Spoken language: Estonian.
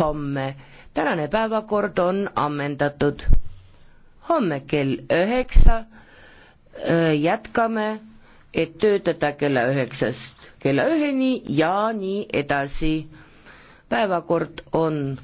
homme. tänane päevakord on ammendatud. homme kell üheksa jätkame, et töötada kella üheksast kella üheni ja nii edasi. päevakord on